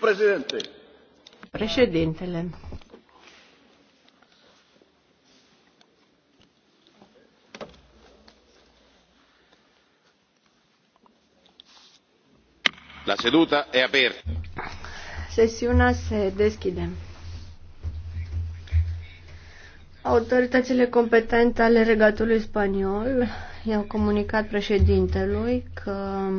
Președintele. La seduta e aperta. Sesiunea se deschide. Autoritățile competente ale regatului spaniol i-au comunicat președintelui că